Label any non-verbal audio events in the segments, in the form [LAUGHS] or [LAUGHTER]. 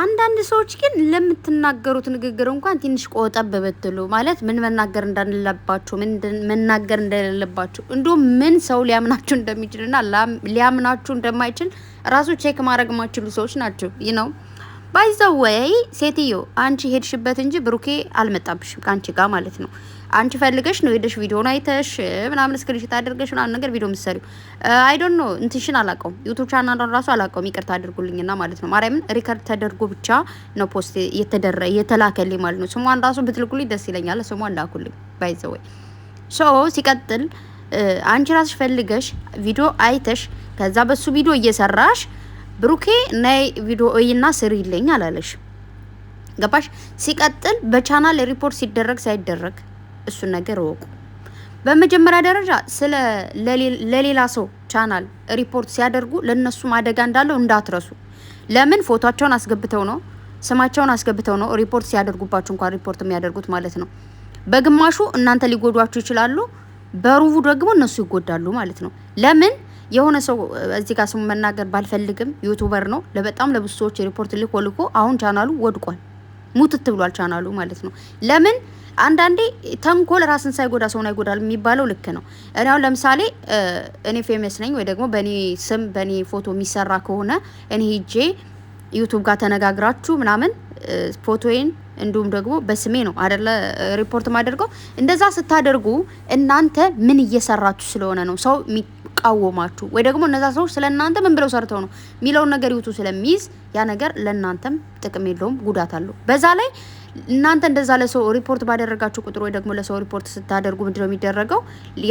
አንዳንድ ሰዎች ግን ለምትናገሩት ንግግር እንኳን ትንሽ ቆጠብ ብትሉ ማለት ምን መናገር እንዳለባችሁ መናገር እንደሌለባችሁ እንዲሁም ምን ሰው ሊያምናችሁ እንደሚችልና ሊያምናችሁ እንደማይችል ራሱ ቼክ ማድረግ ማችሉ ሰዎች ናቸው ይህ ነው። ባይ ዘ ወይ ሴትዮ አንቺ ሄድሽበት እንጂ ብሩኬ አልመጣብሽም ከአንቺ ጋር ማለት ነው። አንቺ ፈልገሽ ነው ሄደሽ ቪዲዮን አይተሽ ምናምን ስክሪንሾት አድርገሽ ምናምን ነገር ቪዲዮ ምሰሪ አይ ዶንት ኖ እንትሽን አላውቀውም፣ ዩቱብ ቻናሏን ራሱ አላውቀውም። ይቅርታ አድርጉልኝና ማለት ነው ማርያምን ሪከርድ ተደርጎ ብቻ ነው ፖስት የተደረ የተላከልኝ ማለት ነው። ስሟን ራሱ ብትልኩልኝ ደስ ይለኛል። ስሟን ላኩልኝ ወይ ሶ ሲቀጥል አንቺ ራስሽ ፈልገሽ ቪዲዮ አይተሽ ከዛ በሱ ቪዲዮ እየሰራሽ ብሩኬ ናይ ቪዲዮ እና ይለኝ አላለሽ። ገባሽ? ሲቀጥል በቻናል ሪፖርት ሲደረግ ሳይደረግ እሱን ነገር እወቁ። በመጀመሪያ ደረጃ ስለ ለሌላ ሰው ቻናል ሪፖርት ሲያደርጉ ለነሱም አደጋ እንዳለው እንዳትረሱ። ለምን ፎቶቸውን አስገብተው ነው ስማቸውን አስገብተው ነው ሪፖርት ሲያደርጉባችሁ እንኳን ሪፖርት የሚያደርጉት ማለት ነው። በግማሹ እናንተ ሊጎዷችሁ ይችላሉ፣ በሩቡ ደግሞ እነሱ ይጎዳሉ ማለት ነው። ለምን የሆነ ሰው እዚህ ጋር ስሙ መናገር ባልፈልግም ዩቱበር ነው። ለበጣም ለብዙ ሰዎች ሪፖርት ልኮ ልኮ አሁን ቻናሉ ወድቋል፣ ሙትት ብሏል ቻናሉ ማለት ነው። ለምን አንዳንዴ ተንኮል ራስን ሳይጎዳ ሰውን አይጎዳል የሚባለው ልክ ነው። እኔ አሁን ለምሳሌ እኔ ፌመስ ነኝ ወይ ደግሞ በእኔ ስም በእኔ ፎቶ የሚሰራ ከሆነ እኔ ሄጄ ዩቱብ ጋር ተነጋግራችሁ ምናምን ፎቶዬን እንዲሁም ደግሞ በስሜ ነው አደለ ሪፖርት ማደርገው። እንደዛ ስታደርጉ እናንተ ምን እየሰራችሁ ስለሆነ ነው ሰው ተቃወማችሁ ወይ ደግሞ እነዛ ሰዎች ስለ እናንተ ምን ብለው ሰርተው ነው የሚለውን ነገር ይውቱ ስለሚይዝ ያ ነገር ለእናንተም ጥቅም የለውም፣ ጉዳት አለው። በዛ ላይ እናንተ እንደዛ ለሰው ሪፖርት ባደረጋችሁ ቁጥር ወይ ደግሞ ለሰው ሪፖርት ስታደርጉ ምንድን ነው የሚደረገው?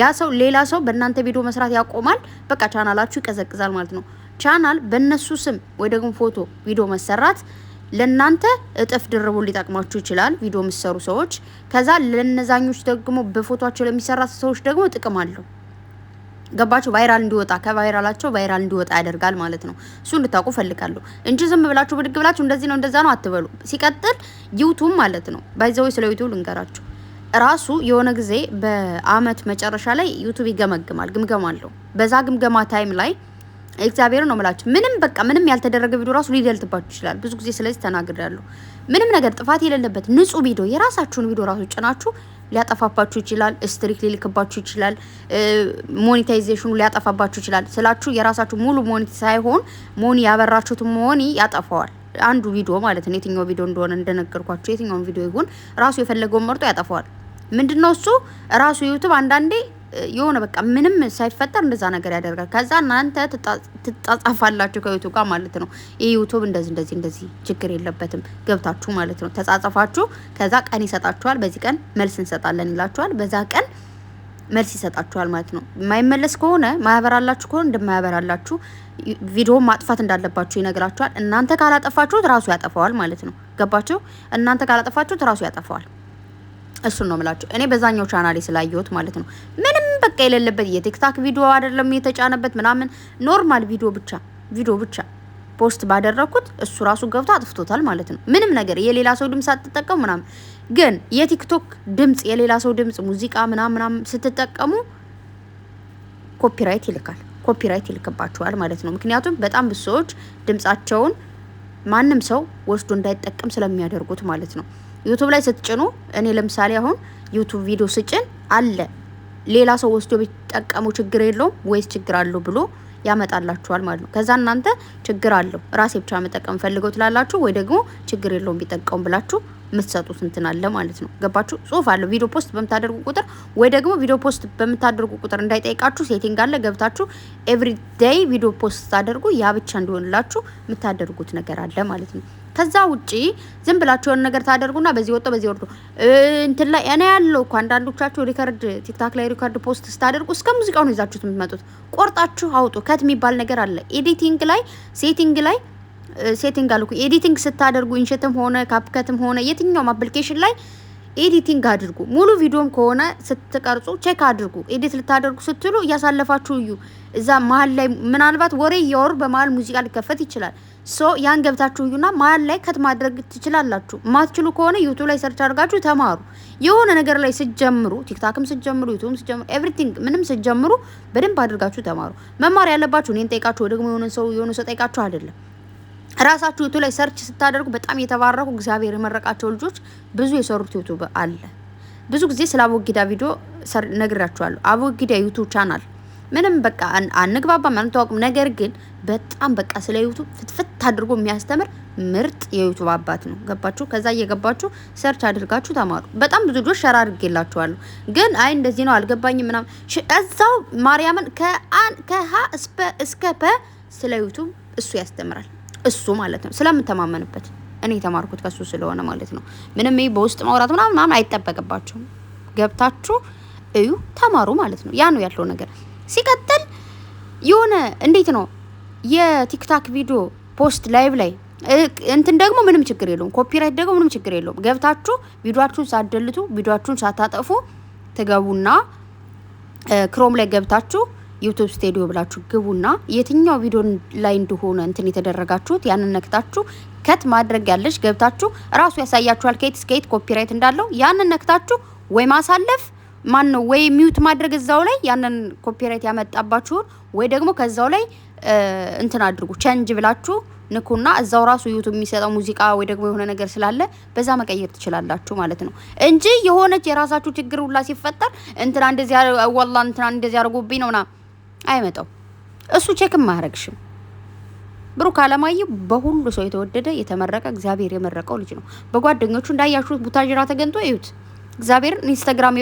ያ ሰው ሌላ ሰው በእናንተ ቪዲዮ መስራት ያቆማል። በቃ ቻናላችሁ ይቀዘቅዛል ማለት ነው። ቻናል በእነሱ ስም ወይ ደግሞ ፎቶ ቪዲዮ መሰራት ለእናንተ እጥፍ ድርቡ ሊጠቅማችሁ ይችላል፣ ቪዲዮ የምሰሩ ሰዎች። ከዛ ለነዛኞች ደግሞ በፎቶቸው ለሚሰራ ሰዎች ደግሞ ጥቅም አለው። ገባችሁ? ቫይራል እንዲወጣ ከቫይራላቸው ቫይራል እንዲወጣ ያደርጋል ማለት ነው። እሱ እንድታውቁ ፈልጋለሁ እንጂ ዝም ብላችሁ ብድግ ብላችሁ እንደዚህ ነው እንደዛ ነው አትበሉ። ሲቀጥል ዩቱብ ማለት ነው ባይዘው ስለ ዩቱብ ልንገራችሁ። ራሱ የሆነ ጊዜ በአመት መጨረሻ ላይ ዩቱብ ይገመግማል፣ ግምገማ አለው። በዛ ግምገማ ታይም ላይ እግዚአብሔር ነው ምላችሁ ምንም በቃ ምንም ያልተደረገ ቪዲዮ ራሱ ሊደልትባችሁ ይችላል። ብዙ ጊዜ ስለዚህ ተናግሬያለሁ። ምንም ነገር ጥፋት የሌለበት ንጹህ ቪዲዮ የራሳችሁን ቪዲዮ ራሱ ጭናችሁ ሊያጠፋባችሁ ይችላል። ስትሪክ ሊልክባችሁ ይችላል። ሞኔታይዜሽኑ ሊያጠፋባችሁ ይችላል ስላችሁ የራሳችሁ ሙሉ ሞኒ ሳይሆን ሞኒ ያበራችሁትን ሞኒ ያጠፋዋል። አንዱ ቪዲዮ ማለት ነው። የትኛው ቪዲዮ እንደሆነ እንደነገርኳቸው የትኛውን ቪዲዮ ይሁን ራሱ የፈለገውን መርጦ ያጠፋዋል። ምንድነው እሱ ራሱ ዩቱብ አንዳንዴ የሆነ በቃ ምንም ሳይፈጠር እንደዛ ነገር ያደርጋል። ከዛ እናንተ ትጻጻፋላችሁ ከዩቱብ ጋር ማለት ነው። ይህ ዩቱብ እንደዚህ እንደዚህ እንደዚህ ችግር የለበትም ገብታችሁ ማለት ነው። ተጻጽፋችሁ ከዛ ቀን ይሰጣችኋል። በዚህ ቀን መልስ እንሰጣለን ይላችኋል። በዛ ቀን መልስ ይሰጣችኋል ማለት ነው። የማይመለስ ከሆነ ማያበራላችሁ ከሆነ እንደማያበራላችሁ ቪዲዮ ማጥፋት እንዳለባችሁ ይነግራችኋል። እናንተ ካላጠፋችሁት ራሱ ያጠፋዋል ማለት ነው። ገባችሁ? እናንተ ካላጠፋችሁት ራሱ ያጠፋዋል። እሱን ነው ምላችሁ። እኔ በዛኛው ቻናሌ ስላየሁት ማለት ነው። ምንም በቃ የሌለበት የቲክታክ ቪዲዮ አይደለም የተጫነበት ምናምን፣ ኖርማል ቪዲዮ ብቻ ቪዲዮ ብቻ ፖስት ባደረኩት እሱ ራሱ ገብቶ አጥፍቶታል ማለት ነው። ምንም ነገር የሌላ ሰው ድምፅ አትጠቀሙ ምናምን፣ ግን የቲክቶክ ድምፅ የሌላ ሰው ድምፅ ሙዚቃ ምናምን ስትጠቀሙ ኮፒራይት ይልካል፣ ኮፒራይት ይልክባችኋል ማለት ነው። ምክንያቱም በጣም ብዙ ሰዎች ድምጻቸውን ማንም ሰው ወስዶ እንዳይጠቀም ስለሚያደርጉት ማለት ነው። ዩቱብ ላይ ስትጭኑ እኔ ለምሳሌ አሁን ዩቱብ ቪዲዮ ስጭን አለ ሌላ ሰው ወስዶ ቢጠቀሙ ችግር የለውም ወይስ ችግር አለው ብሎ ያመጣላችኋል ማለት ነው። ከዛ እናንተ ችግር አለው ራሴ ብቻ መጠቀም ፈልገው ትላላችሁ፣ ወይ ደግሞ ችግር የለውም ቢጠቀሙ ብላችሁ የምትሰጡት እንትን አለ ማለት ነው። ገባችሁ? ጽሁፍ አለው ቪዲዮ ፖስት በምታደርጉ ቁጥር ወይ ደግሞ ቪዲዮ ፖስት በምታደርጉ ቁጥር እንዳይጠይቃችሁ ሴቲንግ አለ። ገብታችሁ ኤቭሪ ዴይ ቪዲዮ ፖስት ስታደርጉ ያ ብቻ እንዲሆንላችሁ የምታደርጉት ነገር አለ ማለት ነው። ከዛ ውጪ ዝም ብላችሁ የሆነ ነገር ታደርጉና በዚህ ወጥቶ በዚህ ወርዱ እንትን ላይ እኔ ያለው እኮ አንዳንዶቻችሁ ሪከርድ ቲክታክ ላይ ሪከርድ ፖስት ስታደርጉ እስከ ሙዚቃው ይዛችሁት የምትመጡት። ቆርጣችሁ አውጡ። ከት የሚባል ነገር አለ። ኤዲቲንግ ላይ ሴቲንግ ላይ ሴቲንግ አልኩ ኤዲቲንግ ስታደርጉ ኢንሸትም ሆነ ካፕከትም ሆነ የትኛውም አፕሊኬሽን ላይ ኤዲቲንግ አድርጉ። ሙሉ ቪዲዮም ከሆነ ስትቀርጹ ቼክ አድርጉ። ኤዲት ልታደርጉ ስትሉ እያሳለፋችሁ እዩ። እዛ መሀል ላይ ምናልባት ወሬ እያወሩ በመሀል ሙዚቃ ሊከፈት ይችላል። ሶ ያን ገብታችሁ እዩና መሀል ላይ ከት ማድረግ ትችላላችሁ። ማትችሉ ከሆነ ዩቱብ ላይ ሰርች አድርጋችሁ ተማሩ። የሆነ ነገር ላይ ስጀምሩ፣ ቲክታክም ስጀምሩ፣ ዩቱብም ስጀምሩ፣ ኤቭሪቲንግ ምንም ስጀምሩ በደንብ አድርጋችሁ ተማሩ። መማር ያለባችሁ እኔን ጠይቃችሁ ወደግሞ የሆነ ሰው የሆነ ሰው ጠይቃችሁ አይደለም ራሳችሁ ዩቱብ ላይ ሰርች ስታደርጉ በጣም የተባረኩ እግዚአብሔር የመረቃቸው ልጆች ብዙ የሰሩት ዩቱብ አለ። ብዙ ጊዜ ስለ አቦጊዳ ቪዲዮ ነግራችኋለሁ። አቦጊዳ ዩቱብ ቻናል ምንም በቃ አንግባባም፣ አንተዋውቅም። ነገር ግን በጣም በቃ ስለ ዩቱብ ፍትፍት አድርጎ የሚያስተምር ምርጥ የዩቱብ አባት ነው። ገባችሁ? ከዛ እየገባችሁ ሰርች አድርጋችሁ ተማሩ። በጣም ብዙ ልጆች ሸራ አድርጌላችኋለሁ። ግን አይ እንደዚህ ነው አልገባኝም ምናምን እዛው ማርያምን ከሀ እስከ ፐ ስለ ዩቱብ እሱ ያስተምራል። እሱ ማለት ነው ስለምተማመንበት እኔ የተማርኩት ከሱ ስለሆነ ማለት ነው። ምንም ይህ በውስጥ ማውራት ምናምን ምናምን አይጠበቅባቸውም። ገብታችሁ እዩ፣ ተማሩ ማለት ነው። ያ ነው ያለው ነገር። ሲቀጥል የሆነ እንዴት ነው የቲክታክ ቪዲዮ ፖስት ላይቭ ላይ እንትን ደግሞ ምንም ችግር የለውም። ኮፒራይት ደግሞ ምንም ችግር የለውም። ገብታችሁ ቪዲዮችሁን ሳደልቱ ቪዲዮችሁን ሳታጠፉ ትገቡና ክሮም ላይ ገብታችሁ ዩቱብ ስቱዲዮ ብላችሁ ግቡና የትኛው ቪዲዮ ላይ እንደሆነ እንትን የተደረጋችሁት ያንን ነክታችሁ ከት ማድረግ ያለች ገብታችሁ ራሱ ያሳያችኋል ከየት እስከ የት ኮፒራይት እንዳለው ያንን ነክታችሁ ወይ ማሳለፍ ማን ነው ወይ ሚዩት ማድረግ እዛው ላይ ያንን ኮፒራይት ያመጣባችሁን ወይ ደግሞ ከዛው ላይ እንትን አድርጉ ቸንጅ ብላችሁ ንኩና እዛው ራሱ ዩቱብ የሚሰጠው ሙዚቃ ወይ ደግሞ የሆነ ነገር ስላለ በዛ መቀየር ትችላላችሁ ማለት ነው እንጂ የሆነች የራሳችሁ ችግር ሁላ ሲፈጠር እንትና እንደዚህ ወላ እንትና እንደዚህ አድርጎብኝ ነውና አይመጣው። እሱ ቼክም አያረግሽም። ብሩክ አለማየሁ በሁሉ ሰው የተወደደ የተመረቀ እግዚአብሔር የመረቀው ልጅ ነው። በጓደኞቹ እንዳያችሁት ቡታጅራ ተገንቶ እዩት። እግዚአብሔር ኢንስታግራም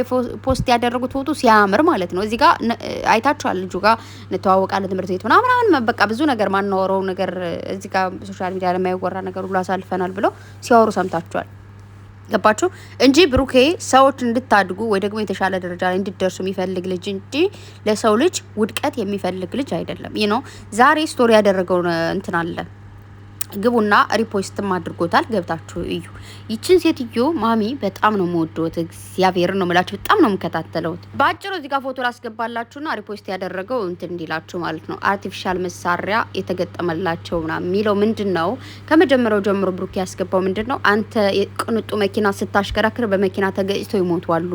ፖስት ያደረጉት ፎቶ ሲያምር ማለት ነው። እዚህ ጋር አይታችኋል። ልጁ ጋር እንተዋወቃለን ትምህርት ቤት ምናምን በቃ ብዙ ነገር ማናወረው ነገር እዚህ ጋር ሶሻል ሚዲያ ለማይወራ ነገር ሁሉ አሳልፈናል ብለው ሲያወሩ ሰምታችኋል። ገባችሁ እንጂ ብሩኬ ሰዎች እንድታድጉ ወይ ደግሞ የተሻለ ደረጃ ላይ እንድደርሱ የሚፈልግ ልጅ እንጂ ለሰው ልጅ ውድቀት የሚፈልግ ልጅ አይደለም። ይህ ነው ዛሬ ስቶሪ ያደረገው እንትን አለ ግቡና ሪፖስትም አድርጎታል። ገብታችሁ እዩ። ይችን ሴትዮ ማሚ በጣም ነው የምወደውት። እግዚአብሔር ነው ምላችሁ። በጣም ነው የምከታተለውት። በአጭሩ እዚህ ጋር ፎቶ ላስገባላችሁና ሪፖስት ያደረገው እንትን እንዲላችሁ ማለት ነው። አርቲፊሻል መሳሪያ የተገጠመላቸው ና የሚለው ምንድን ነው? ከመጀመሪያው ጀምሮ ብሩክ ያስገባው ምንድን ነው? አንተ ቅንጡ መኪና ስታሽከረክር በመኪና ተገጭተው ይሞቷሉ።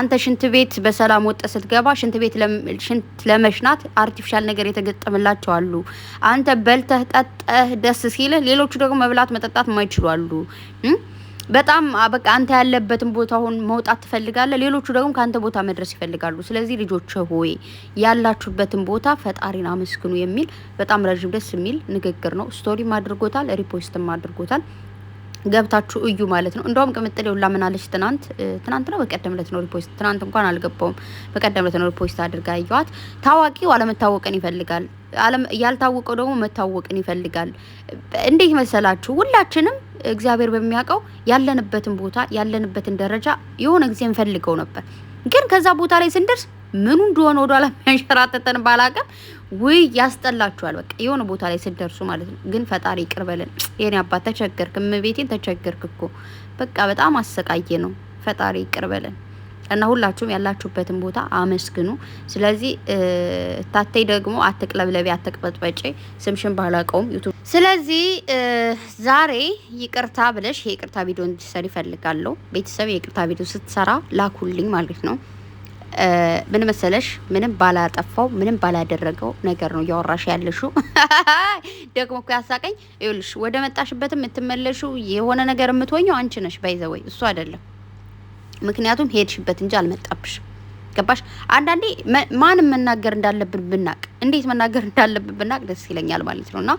አንተ ሽንት ቤት በሰላም ወጠ ስትገባ ሽንት ቤት ለመሽናት አርቲፊሻል ነገር የተገጠመላቸው አሉ። አንተ በልተህ ጠጠህ ደስ ሲል ስልህ ሌሎቹ ደግሞ መብላት መጠጣት ማይችሉ አሉ። በጣም በቃ አንተ ያለበትን ቦታ አሁን መውጣት ትፈልጋለህ። ሌሎቹ ደግሞ ከአንተ ቦታ መድረስ ይፈልጋሉ። ስለዚህ ልጆች ሆይ ያላችሁበትን ቦታ ፈጣሪን አመስግኑ የሚል በጣም ረዥም ደስ የሚል ንግግር ነው። ስቶሪም አድርጎታል፣ ሪፖስትም አድርጎታል። ገብታችሁ እዩ ማለት ነው። እንደውም ቅምጥል የውላ ምናለች ትናንት ትናንት ነው በቀደም ነው ሪፖስት ትናንት እንኳን አልገባውም። በቀደም ለት ነው ሪፖስት አድርጋ ያየዋት ታዋቂው አለመታወቅን ይፈልጋል ያልታወቀው ደግሞ መታወቅን ይፈልጋል። እንዴት መሰላችሁ? ሁላችንም እግዚአብሔር በሚያውቀው ያለንበትን ቦታ ያለንበትን ደረጃ የሆነ ጊዜ እንፈልገው ነበር። ግን ከዛ ቦታ ላይ ስንደርስ ምኑ እንደሆነ ወደኋላ የሚያንሸራተተን ባላቀም ውይ ያስጠላችኋል። በቃ የሆነ ቦታ ላይ ስደርሱ ማለት ነው። ግን ፈጣሪ ይቅር በለን። የኔ አባት ተቸገርክ፣ እመቤቴን ተቸገርክ እኮ በቃ በጣም አሰቃየ ነው። ፈጣሪ ይቅር በለን። እና ሁላችሁም ያላችሁበትን ቦታ አመስግኑ። ስለዚህ ታተይ ደግሞ አትቅለብለቢ፣ አትቅበጥበጪ ስምሽን ባላቀውም ዩቱብ። ስለዚህ ዛሬ ይቅርታ ብለሽ የይቅርታ ቪዲዮ እንድትሰሪ ይፈልጋለሁ። ቤተሰብ የይቅርታ ቪዲዮ ስትሰራ ላኩልኝ ማለት ነው። ምን መሰለሽ፣ ምንም ባላጠፋው ምንም ባላደረገው ነገር ነው እያወራሽ ያለሹ። [LAUGHS] ደግሞ እኮ ያሳቀኝ ይኸውልሽ፣ ወደ መጣሽበትም የምትመለሹ የሆነ ነገር የምትሆኘው አንቺ ነሽ፣ ባይዘወይ እሱ አይደለም። ምክንያቱም ሄድሽበት እንጂ አልመጣብሽ። ገባሽ? አንዳንዴ ማንም መናገር እንዳለብን ብናቅ፣ እንዴት መናገር እንዳለብን ብናቅ ደስ ይለኛል ማለት ነው። እና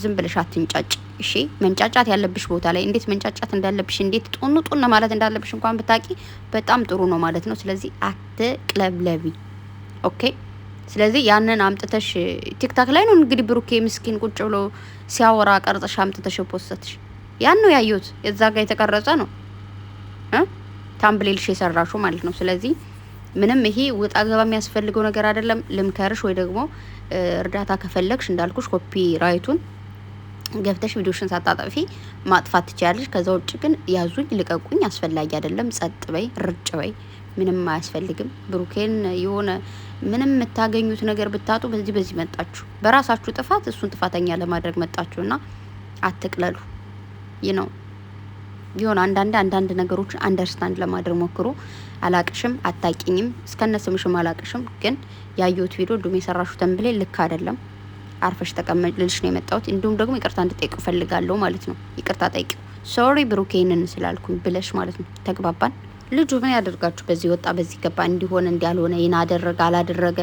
ዝም ብለሽ አትንጫጭ። እሺ፣ መንጫጫት ያለብሽ ቦታ ላይ እንዴት መንጫጫት እንዳለብሽ፣ እንዴት ጡን ጡን ማለት እንዳለብሽ እንኳን ብታቂ በጣም ጥሩ ነው ማለት ነው። ስለዚህ አትቅለብለቢ። ኦኬ። ስለዚህ ያንን አምጥተሽ ቲክታክ ላይ ነው እንግዲህ ብሩኬ ምስኪን ቁጭ ብሎ ሲያወራ ቀርጸሽ አምጥተሽ ፖስተትሽ ያን ነው ያየሁት። የዛ ጋር የተቀረጸ ነው። ታምብሌልሽ የሰራሹ ማለት ነው። ስለዚህ ምንም ይሄ ወጣ ገባ የሚያስፈልገው ነገር አይደለም። ልምከርሽ ወይ ደግሞ እርዳታ ከፈለግሽ እንዳልኩሽ ኮፒ ራይቱን ገብተሽ ቪዲዮሽን ሳታጠፊ ማጥፋት ትችላለሽ። ከዛ ውጭ ግን ያዙኝ ልቀቁኝ አስፈላጊ አይደለም። ጸጥ በይ ርጭ በይ ምንም አያስፈልግም። ብሩኬን የሆነ ምንም የምታገኙት ነገር ብታጡ በዚህ በዚህ መጣችሁ በራሳችሁ ጥፋት እሱን ጥፋተኛ ለማድረግ መጣችሁና አትቅለሉ። ይህ ነው። የሆነ አንዳንድ አንዳንድ ነገሮችን አንደርስታንድ ለማድረግ ሞክሩ። አላቅሽም፣ አታቂኝም፣ እስከነ ስምሽም አላቅሽም፣ ግን ያየሁት ቪዲዮ እንዲሁም የሰራሹ ተንብሌ ልክ አይደለም፣ አርፈሽ ተቀመጭ ልልሽ ነው የመጣሁት። እንዲሁም ደግሞ ይቅርታ እንድጠይቅ ፈልጋለሁ ማለት ነው። ይቅርታ ጠይቂው። ሶሪ ብሩኬ ይህንን ስላልኩኝ ብለሽ ማለት ነው። ተግባባን። ልጁ ምን ያደርጋችሁ? በዚህ ወጣ በዚህ ገባ እንዲሆን እንዲያልሆነ ይህን አደረገ አላደረገ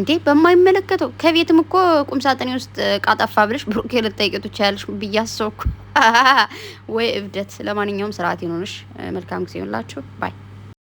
እንዴ በማይመለከተው ከቤትም እኮ ቁም ሳጥኔ ውስጥ እቃ ብለሽ ብሩኬ ልትጠይቂው ትችያለሽ ብዬ አሰብኩ። [LAUGHS] ወይ እብደት። ለማንኛውም ስርዓት ይኖርሽ። መልካም ጊዜ ይሁንላችሁ። ባይ